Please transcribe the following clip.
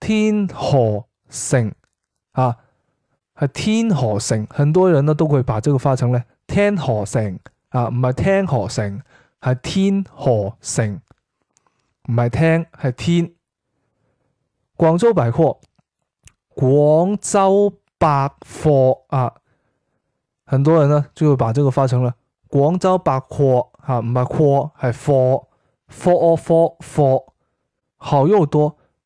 天河城啊，係天河城。很多人呢都會把這個發成咧天河城啊，唔係聽河城，係天河城，唔係聽係天。廣州百貨，廣州百貨啊，很多人呢就會把這個發成咧廣州百貨啊，唔係貨係貨，貨哦貨貨，好又多。